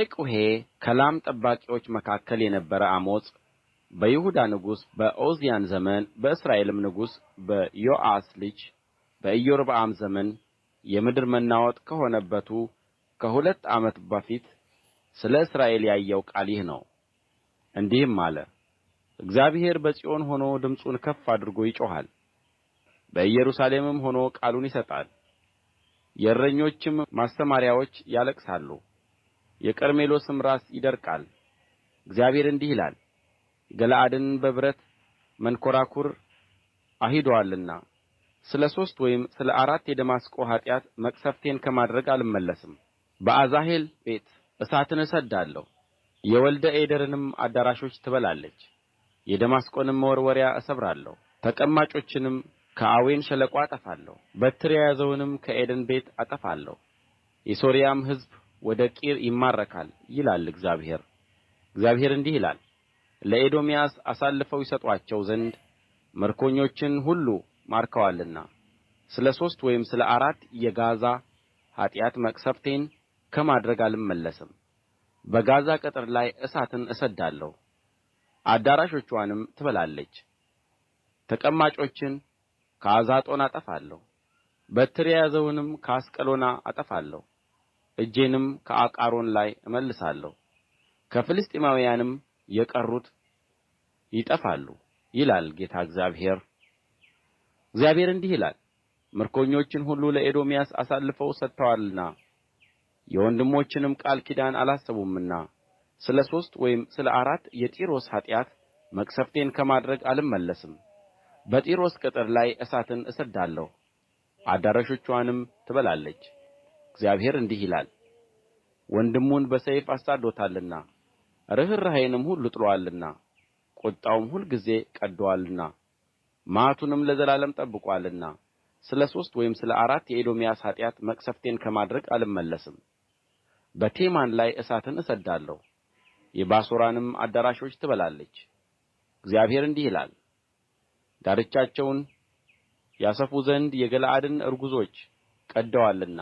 ቴቁሔ ከላም ጠባቂዎች መካከል የነበረ አሞጽ በይሁዳ ንጉሥ በዖዝያን ዘመን በእስራኤልም ንጉሥ በዮአስ ልጅ በኢዮርብዓም ዘመን የምድር መናወጥ ከሆነበቱ ከሁለት ዓመት በፊት ስለ እስራኤል ያየው ቃል ይህ ነው እንዲህም አለ እግዚአብሔር በጽዮን ሆኖ ድምፁን ከፍ አድርጎ ይጮኻል በኢየሩሳሌምም ሆኖ ቃሉን ይሰጣል የእረኞችም ማሰማርያዎች ያለቅሳሉ የቀርሜሎስም ራስ ይደርቃል እግዚአብሔር እንዲህ ይላል ገለዓድን በብረት መንኰራኵር አሂዶአልና ስለ ሦስት ወይም ስለ አራት የደማስቆ ኃጢአት መቅሠፍቴን ከማድረግ አልመለስም በአዛሄል ቤት እሳትን እሰድዳለሁ የወልደ አዴርንም አዳራሾች ትበላለች የደማስቆንም መወርወሪያ እሰብራለሁ ተቀማጮችንም ከአዌን ሸለቆ አጠፋለሁ በትር የያዘውንም ከዔድን ቤት አጠፋለሁ የሶርያም ሕዝብ ወደ ቂር ይማረካል ይላል እግዚአብሔር እግዚአብሔር እንዲህ ይላል ለኤዶምያስ አሳልፈው ይሰጡአቸው ዘንድ ምርኮኞችን ሁሉ ማርከዋልና ስለ ሦስት ወይም ስለ አራት የጋዛ ኃጢአት መቅሠፍቴን ከማድረግ አልመለስም በጋዛ ቅጥር ላይ እሳትን እሰድዳለሁ አዳራሾችዋንም ትበላለች ተቀማጮችን ከአዛጦን አጠፋለሁ በትር የያዘውንም ከአስቀሎና አጠፋለሁ እጄንም ከአቃሮን ላይ እመልሳለሁ ከፍልስጥኤማውያንም የቀሩት ይጠፋሉ ይላል ጌታ እግዚአብሔር እግዚአብሔር እንዲህ ይላል ምርኮኞችን ሁሉ ለኤዶምያስ አሳልፈው ሰጥተዋልና የወንድሞችንም ቃል ኪዳን አላሰቡምና ስለ ሦስት ወይም ስለ አራት የጢሮስ ኃጢአት መቅሠፍቴን ከማድረግ አልመለስም በጢሮስ ቅጥር ላይ እሳትን እሰድዳለሁ አዳራሾችዋንም ትበላለች እግዚአብሔር እንዲህ ይላል ወንድሙን በሰይፍ አሳድዶታልና ርኅራኄንም ሁሉ ጥሎአልና ቍጣውም ሁልጊዜ ቀድዶአልና መዓቱንም ለዘላለም ጠብቆአልና ስለ ሦስት ወይም ስለ አራት የኤዶምያስ ኃጢአት መቅሠፍቴን ከማድረግ አልመለስም በቴማን ላይ እሳትን እሰድዳለሁ የባሶራንም አዳራሾች ትበላለች እግዚአብሔር እንዲህ ይላል ዳርቻቸውን ያሰፉ ዘንድ የገለዓድን እርጕዞች ቀድደዋልና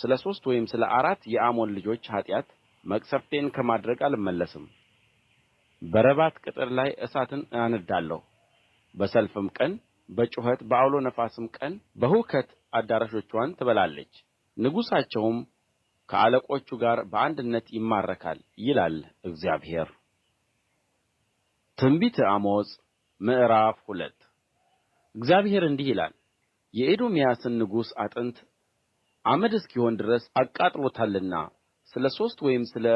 ስለ ሦስት ወይም ስለ አራት የአሞን ልጆች ኃጢአት መቅሠፍቴን ከማድረግ አልመለስም በረባት ቅጥር ላይ እሳትን አነድዳለሁ በሰልፍም ቀን በጩኸት በዐውሎ ነፋስም ቀን በሁከት አዳራሾችዋን ትበላለች ንጉሣቸውም ከአለቆቹ ጋር በአንድነት ይማረካል ይላል እግዚአብሔር። ትንቢተ አሞጽ ምዕራፍ ሁለት እግዚአብሔር እንዲህ ይላል የኤዶምያስን ንጉሥ አጥንት አመድ እስኪሆን ድረስ አቃጥሎታልና ስለ ሦስት ወይም ስለ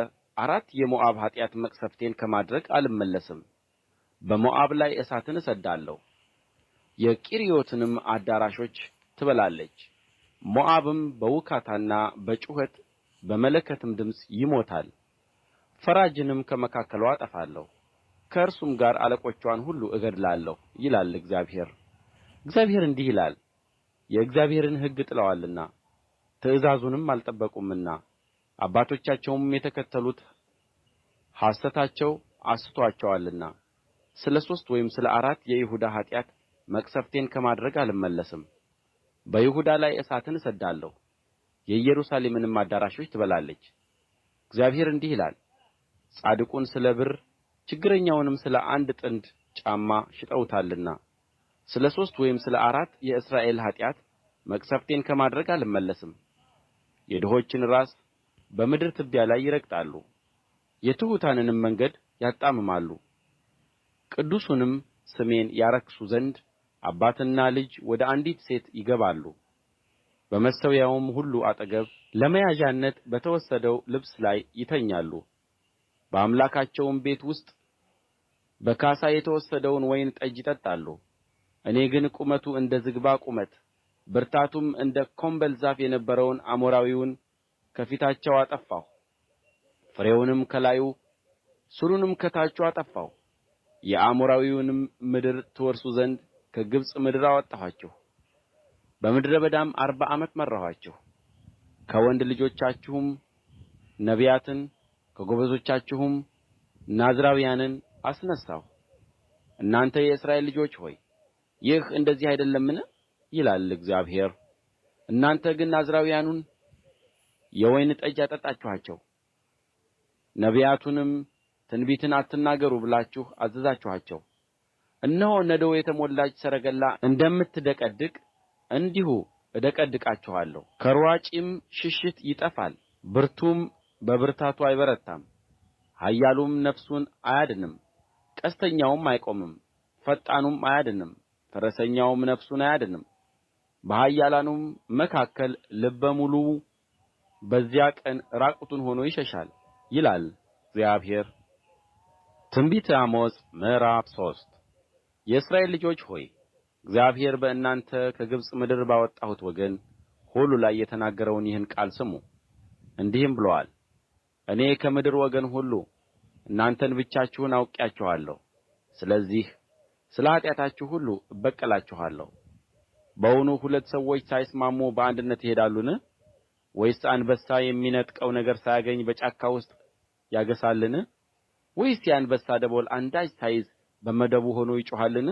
አራት የሞዓብ ኃጢአት መቅሠፍቴን ከማድረግ አልመለስም በሞዓብ ላይ እሳትን እሰድዳለሁ የቂርዮትንም አዳራሾች ትበላለች ሞዓብም በውካታና በጩኸት በመለከትም ድምፅ ይሞታል ፈራጅንም ከመካከልዋ አጠፋለሁ ከእርሱም ጋር አለቆችዋን ሁሉ እገድላለሁ ይላል እግዚአብሔር እግዚአብሔር እንዲህ ይላል የእግዚአብሔርን ሕግ ጥለዋልና ትእዛዙንም አልጠበቁምና አባቶቻቸውም የተከተሉት ሐሰታቸው አስቶአቸዋልና ስለ ሦስት ወይም ስለ አራት የይሁዳ ኃጢአት መቅሠፍቴን ከማድረግ አልመለስም በይሁዳ ላይ እሳትን እሰድዳለሁ የኢየሩሳሌምንም አዳራሾች ትበላለች እግዚአብሔር እንዲህ ይላል ጻድቁን ስለ ብር ችግረኛውንም ስለ አንድ ጥንድ ጫማ ሽጠውታልና ስለ ሦስት ወይም ስለ አራት የእስራኤል ኃጢአት መቅሠፍቴን ከማድረግ አልመለስም የድሆችን ራስ በምድር ትቢያ ላይ ይረግጣሉ የትሑታንንም መንገድ ያጣምማሉ ቅዱሱንም ስሜን ያረክሱ ዘንድ አባትና ልጅ ወደ አንዲት ሴት ይገባሉ በመሠዊያውም ሁሉ አጠገብ ለመያዣነት በተወሰደው ልብስ ላይ ይተኛሉ በአምላካቸውም ቤት ውስጥ በካሳ የተወሰደውን ወይን ጠጅ ይጠጣሉ እኔ ግን ቁመቱ እንደ ዝግባ ቁመት ብርታቱም እንደ ኮምበል ዛፍ የነበረውን አሞራዊውን ከፊታቸው አጠፋሁ ፍሬውንም ከላዩ ሥሩንም ከታቹ አጠፋሁ የአሞራዊውንም ምድር ትወርሱ ዘንድ ከግብጽ ምድር አወጣኋችሁ በምድረ በዳም አርባ ዓመት መራኋችሁ ከወንድ ልጆቻችሁም ነቢያትን ከጐበዞቻችሁም ናዝራውያንን አስነሣሁ እናንተ የእስራኤል ልጆች ሆይ ይህ እንደዚህ አይደለምን ይላል እግዚአብሔር እናንተ ግን ናዝራውያኑን የወይን ጠጅ አጠጣችኋቸው ነቢያቱንም ትንቢትን አትናገሩ ብላችሁ አዘዛችኋቸው እነሆ ነዶ የተሞላች ሰረገላ እንደምትደቀድቅ እንዲሁ እደቀድቃችኋለሁ ከሯጪም ሽሽት ይጠፋል ብርቱም በብርታቱ አይበረታም ኃያሉም ነፍሱን አያድንም ቀስተኛውም አይቆምም ፈጣኑም አያድንም ፈረሰኛውም ነፍሱን አያድንም በኃያላኑም መካከል ልበ ሙሉው በዚያ ቀን ራቁቱን ሆኖ ይሸሻል ይላል እግዚአብሔር ትንቢተ አሞጽ ምዕራፍ ሶስት የእስራኤል ልጆች ሆይ እግዚአብሔር በእናንተ ከግብጽ ምድር ባወጣሁት ወገን ሁሉ ላይ የተናገረውን ይህን ቃል ስሙ እንዲህም ብሎአል እኔ ከምድር ወገን ሁሉ እናንተን ብቻችሁን አውቄአችኋለሁ ስለዚህ ስለ ኃጢአታችሁ ሁሉ እበቀላችኋለሁ በውኑ ሁለት ሰዎች ሳይስማሙ በአንድነት ይሄዳሉን ወይስ አንበሳ የሚነጥቀው ነገር ሳያገኝ በጫካ ውስጥ ያገሣልን ወይስ የአንበሳ ደቦል አንዳች ሳይዝ በመደቡ ሆኖ ይጮኻልን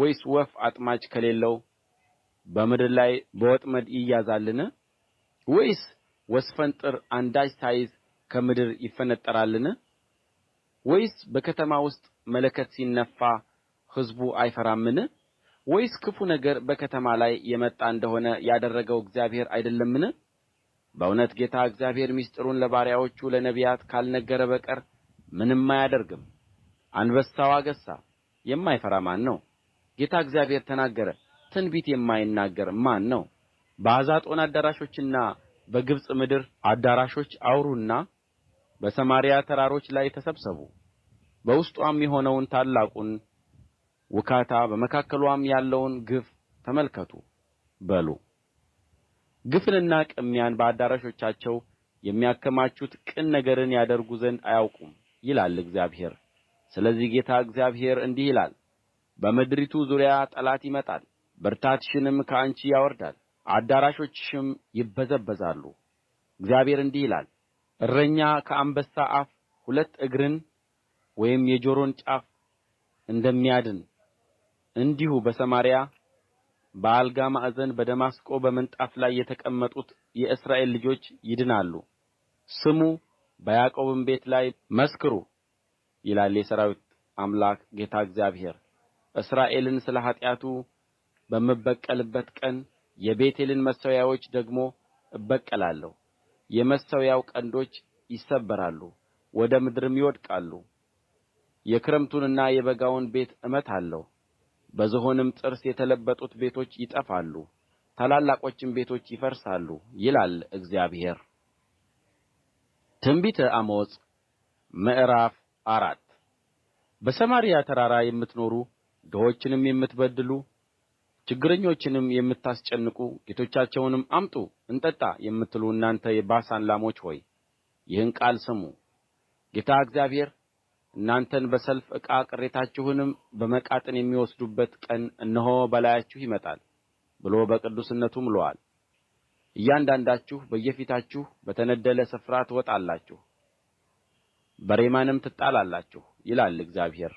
ወይስ ወፍ አጥማጅ ከሌለው በምድር ላይ በወጥመድ ይያዛልን ወይስ ወስፈንጥር አንዳች ሳይዝ ከምድር ይፈነጠራልን ወይስ በከተማ ውስጥ መለከት ሲነፋ ሕዝቡ አይፈራምን ወይስ ክፉ ነገር በከተማ ላይ የመጣ እንደ ሆነ ያደረገው እግዚአብሔር አይደለምን በእውነት ጌታ እግዚአብሔር ምሥጢሩን ለባሪያዎቹ ለነቢያት ካልነገረ በቀር ምንም አያደርግም አንበሳው አገሣ የማይፈራ ማን ነው ጌታ እግዚአብሔር ተናገረ ትንቢት የማይናገር ማን ነው በአዛጦን አዳራሾችና በግብጽ ምድር አዳራሾች አውሩና በሰማርያ ተራሮች ላይ ተሰብሰቡ በውስጥዋም የሆነውን ታላቁን ውካታ በመካከልዋም ያለውን ግፍ ተመልከቱ በሉ ግፍንና ቅሚያን በአዳራሾቻቸው የሚያከማቹት ቅን ነገርን ያደርጉ ዘንድ አያውቁም ይላል እግዚአብሔር ስለዚህ ጌታ እግዚአብሔር እንዲህ ይላል በምድሪቱ ዙሪያ ጠላት ይመጣል ብርታትሽንም ከአንቺ ያወርዳል አዳራሾችሽም ይበዘበዛሉ እግዚአብሔር እንዲህ ይላል እረኛ ከአንበሳ አፍ ሁለት እግርን ወይም የጆሮን ጫፍ እንደሚያድን እንዲሁ በሰማርያ በአልጋ ማዕዘን በደማስቆ በምንጣፍ ላይ የተቀመጡት የእስራኤል ልጆች ይድናሉ ስሙ በያዕቆብም ቤት ላይ መስክሩ ይላል የሠራዊት አምላክ ጌታ እግዚአብሔር እስራኤልን ስለ ኃጢአቱ በምበቀልበት ቀን የቤቴልን መሠዊያዎች ደግሞ እበቀላለሁ የመሠዊያው ቀንዶች ይሰበራሉ ወደ ምድርም ይወድቃሉ የክረምቱንና የበጋውን ቤት እመታለሁ በዝሆንም ጥርስ የተለበጡት ቤቶች ይጠፋሉ ታላላቆችም ቤቶች ይፈርሳሉ ይላል እግዚአብሔር ትንቢተ አሞጽ ምዕራፍ አራት በሰማርያ ተራራ የምትኖሩ ድሆችንም የምትበድሉ ችግረኞችንም የምታስጨንቁ ጌቶቻቸውንም አምጡ እንጠጣ የምትሉ እናንተ የባሳን ላሞች ሆይ ይህን ቃል ስሙ ጌታ እግዚአብሔር እናንተን በሰልፍ ዕቃ ቅሬታችሁንም በመቃጥን የሚወስዱበት ቀን እነሆ በላያችሁ ይመጣል ብሎ በቅዱስነቱ ምሎአል እያንዳንዳችሁ በየፊታችሁ በተነደለ ስፍራ ትወጣላችሁ በሬማንም ትጣላላችሁ ይላል እግዚአብሔር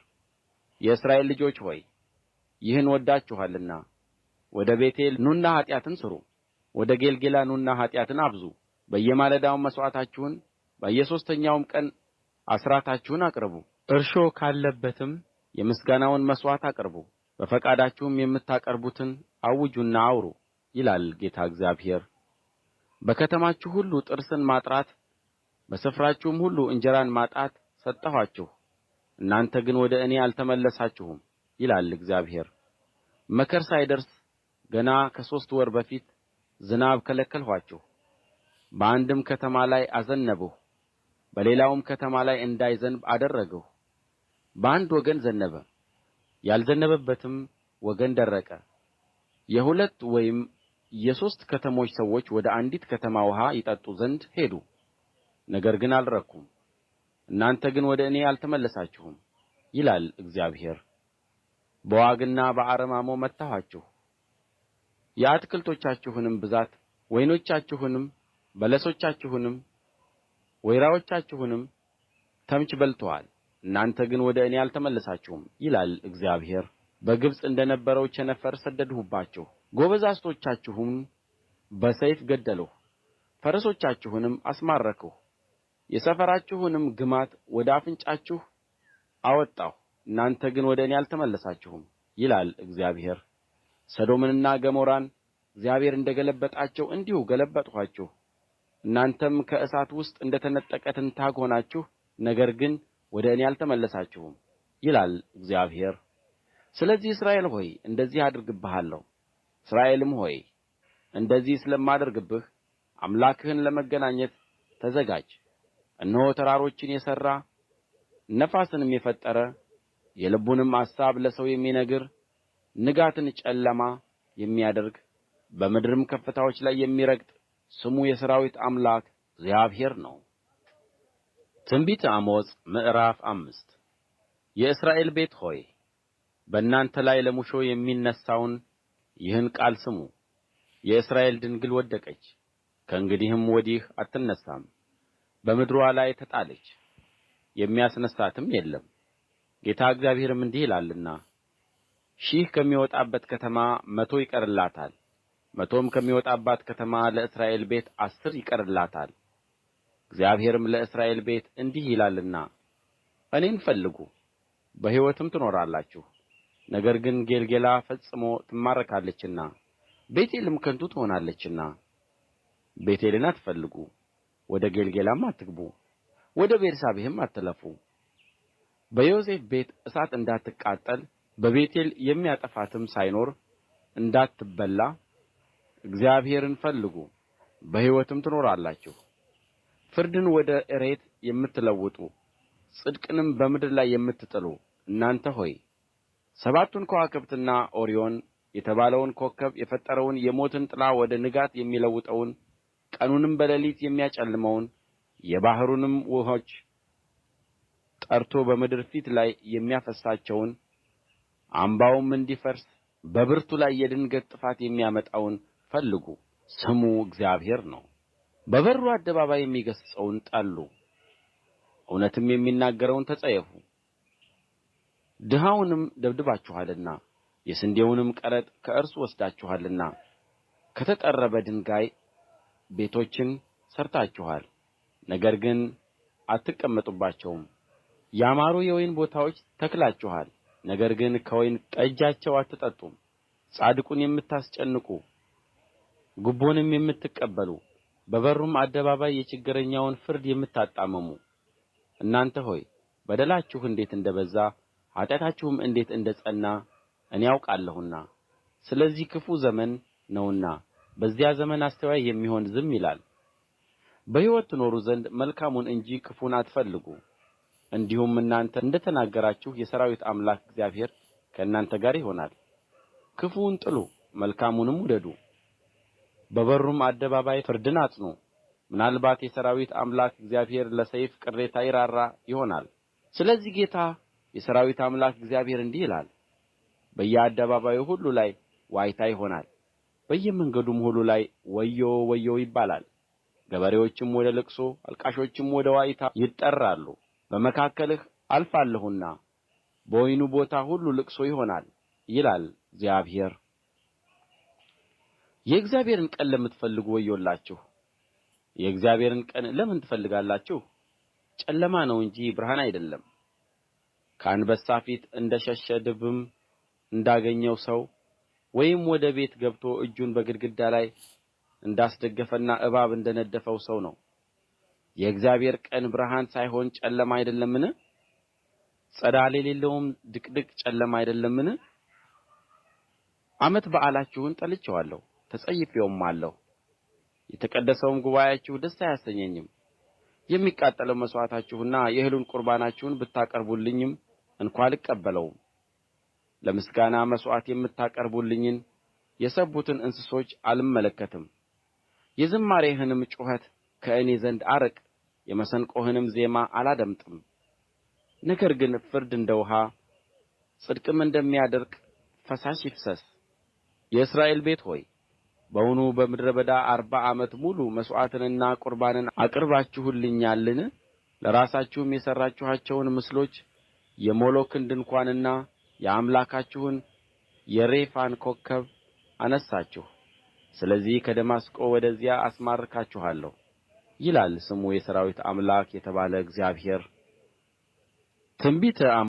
የእስራኤል ልጆች ሆይ ይህን ወዳችኋልና ወደ ቤቴል ኑና ኃጢአትን ሥሩ ወደ ጌልጌላ ኑና ኃጢአትን አብዙ በየማለዳውም መሥዋዕታችሁን በየሦስተኛውም ቀን አሥራታችሁን አቅርቡ እርሾ ካለበትም የምስጋናውን መሥዋዕት አቅርቡ በፈቃዳችሁም የምታቀርቡትን አውጁና አውሩ ይላል ጌታ እግዚአብሔር በከተማችሁ ሁሉ ጥርስን ማጥራት በስፍራችሁም ሁሉ እንጀራን ማጣት ሰጠኋችሁ እናንተ ግን ወደ እኔ አልተመለሳችሁም ይላል እግዚአብሔር መከር ሳይደርስ ገና ከሦስት ወር በፊት ዝናብ ከለከልኋችሁ በአንድም ከተማ ላይ አዘነብሁ በሌላውም ከተማ ላይ እንዳይዘንብ አደረግሁ በአንድ ወገን ዘነበ ያልዘነበበትም ወገን ደረቀ የሁለት ወይም የሦስት ከተሞች ሰዎች ወደ አንዲት ከተማ ውኃ ይጠጡ ዘንድ ሄዱ ነገር ግን አልረኩም እናንተ ግን ወደ እኔ አልተመለሳችሁም ይላል እግዚአብሔር በዋግና በአረማሞ መታኋችሁ የአትክልቶቻችሁንም ብዛት ወይኖቻችሁንም በለሶቻችሁንም ወይራዎቻችሁንም ተምች በልቶአል እናንተ ግን ወደ እኔ አልተመለሳችሁም ይላል እግዚአብሔር በግብጽ እንደ ነበረው ቸነፈር ሰደድሁባችሁ ጐበዛዝቶቻችሁን በሰይፍ ገደልሁ ፈረሶቻችሁንም አስማረክሁ የሰፈራችሁንም ግማት ወደ አፍንጫችሁ አወጣሁ እናንተ ግን ወደ እኔ አልተመለሳችሁም ይላል እግዚአብሔር ሰዶምንና ገሞራን እግዚአብሔር እንደ ገለበጣቸው እንዲሁ ገለበጥኋችሁ እናንተም ከእሳት ውስጥ እንደ ተነጠቀ ትንታግ ሆናችሁ ነገር ግን ወደ እኔ አልተመለሳችሁም ይላል እግዚአብሔር ስለዚህ እስራኤል ሆይ እንደዚህ አድርግብሃለሁ እስራኤልም ሆይ እንደዚህ ስለማደርግብህ አምላክህን ለመገናኘት ተዘጋጅ እነሆ ተራሮችን የሠራ ነፋስንም የፈጠረ የልቡንም አሳብ ለሰው የሚነግር ንጋትን ጨለማ የሚያደርግ በምድርም ከፍታዎች ላይ የሚረግጥ ስሙ የሠራዊት አምላክ እግዚአብሔር ነው ትንቢተ አሞጽ ምዕራፍ አምስት የእስራኤል ቤት ሆይ በእናንተ ላይ ለሙሾ የሚነሣውን ይህን ቃል ስሙ የእስራኤል ድንግል ወደቀች ከእንግዲህም ወዲህ አትነሣም በምድርዋ ላይ ተጣለች የሚያስነሣትም የለም ጌታ እግዚአብሔርም እንዲህ ይላልና ሺህ ከሚወጣበት ከተማ መቶ ይቀርላታል መቶም ከሚወጣባት ከተማ ለእስራኤል ቤት አሥር ይቀርላታል እግዚአብሔርም ለእስራኤል ቤት እንዲህ ይላልና እኔን ፈልጉ በሕይወትም ትኖራላችሁ ነገር ግን ጌልጌላ ፈጽሞ ትማረካለችና ቤቴልም ከንቱ ትሆናለችና ቤቴልን አትፈልጉ ወደ ጌልጌላም አትግቡ ወደ ቤርሳቤህም አትለፉ በዮሴፍ ቤት እሳት እንዳትቃጠል በቤቴል የሚያጠፋትም ሳይኖር እንዳትበላ እግዚአብሔርን ፈልጉ በሕይወትም ትኖራላችሁ ፍርድን ወደ እሬት የምትለውጡ ጽድቅንም በምድር ላይ የምትጥሉ እናንተ ሆይ ሰባቱን ከዋክብትና ኦሪዮን የተባለውን ኮከብ የፈጠረውን የሞትን ጥላ ወደ ንጋት የሚለውጠውን ቀኑንም በሌሊት የሚያጨልመውን የባሕሩንም ውኆች ጠርቶ በምድር ፊት ላይ የሚያፈሳቸውን አምባውም እንዲፈርስ በብርቱ ላይ የድንገት ጥፋት የሚያመጣውን ፈልጉ ስሙ እግዚአብሔር ነው በበሩ አደባባይ የሚገሥጸውን ጠሉ እውነትም የሚናገረውን ተጸየፉ ድሀውንም ደብድባችኋልና የስንዴውንም ቀረጥ ከእርሱ ወስዳችኋልና ከተጠረበ ድንጋይ ቤቶችን ሠርታችኋል ነገር ግን አትቀመጡባቸውም ያማሩ የወይን ቦታዎች ተክላችኋል ነገር ግን ከወይን ጠጃቸው አትጠጡም ጻድቁን የምታስጨንቁ ጉቦንም የምትቀበሉ በበሩም አደባባይ የችግረኛውን ፍርድ የምታጣምሙ እናንተ ሆይ በደላችሁ እንዴት እንደ በዛ ኃጢአታችሁም እንዴት እንደ ጸና እኔ አውቃለሁና ስለዚህ ክፉ ዘመን ነውና በዚያ ዘመን አስተዋይ የሚሆን ዝም ይላል በሕይወት ትኖሩ ዘንድ መልካሙን እንጂ ክፉን አትፈልጉ እንዲሁም እናንተ እንደ ተናገራችሁ የሠራዊት አምላክ እግዚአብሔር ከእናንተ ጋር ይሆናል ክፉውን ጥሉ መልካሙንም ውደዱ በበሩም አደባባይ ፍርድን አጽኑ ምናልባት የሠራዊት አምላክ እግዚአብሔር ለሰይፍ ቅሬታ ይራራ ይሆናል ስለዚህ ጌታ የሠራዊት አምላክ እግዚአብሔር እንዲህ ይላል በየአደባባዩ ሁሉ ላይ ዋይታ ይሆናል በየመንገዱም ሁሉ ላይ ወዮ ወዮ ይባላል ገበሬዎችም ወደ ልቅሶ አልቃሾችም ወደ ዋይታ ይጠራሉ በመካከልህ አልፋለሁና በወይኑ ቦታ ሁሉ ልቅሶ ይሆናል ይላል እግዚአብሔር የእግዚአብሔርን ቀን ለምትፈልጉ ወዮላችሁ የእግዚአብሔርን ቀን ለምን ትፈልጋላችሁ ጨለማ ነው እንጂ ብርሃን አይደለም ከአንበሳ ፊት እንደ ሸሸ ድብም እንዳገኘው ሰው ወይም ወደ ቤት ገብቶ እጁን በግድግዳ ላይ እንዳስደገፈና እባብ እንደ ነደፈው ሰው ነው የእግዚአብሔር ቀን ብርሃን ሳይሆን ጨለማ አይደለምን ጸዳል የሌለውም ድቅድቅ ጨለማ አይደለምን ዓመት በዓላችሁን ጠልቼዋለሁ ተጸይፌውማለሁ የተቀደሰውም ጉባኤአችሁ ደስ አያሰኘኝም የሚቃጠለውን መሥዋዕታችሁና የእህሉን ቍርባናችሁን ብታቀርቡልኝም እንኳ አልቀበለውም ለምስጋና መሥዋዕት የምታቀርቡልኝን የሰቡትን እንስሶች አልመለከትም የዝማሬህንም ጩኸት ከእኔ ዘንድ አርቅ የመሰንቆህንም ዜማ አላደምጥም ነገር ግን ፍርድ እንደ ውኃ ጽድቅም እንደሚያደርቅ ፈሳሽ ይፍሰስ የእስራኤል ቤት ሆይ በውኑ በምድረ በዳ አርባ ዓመት ሙሉ መሥዋዕትንና ቍርባንን አቅርባችሁልኛልን ለራሳችሁም የሠራችኋቸውን ምስሎች የሞሎክን ድንኳንና የአምላካችሁን የሬፋን ኮከብ አነሣችሁ ስለዚህ ከደማስቆ ወደዚያ አስማርካችኋለሁ ይላል ስሙ የሠራዊት አምላክ የተባለ እግዚአብሔር ትንቢተ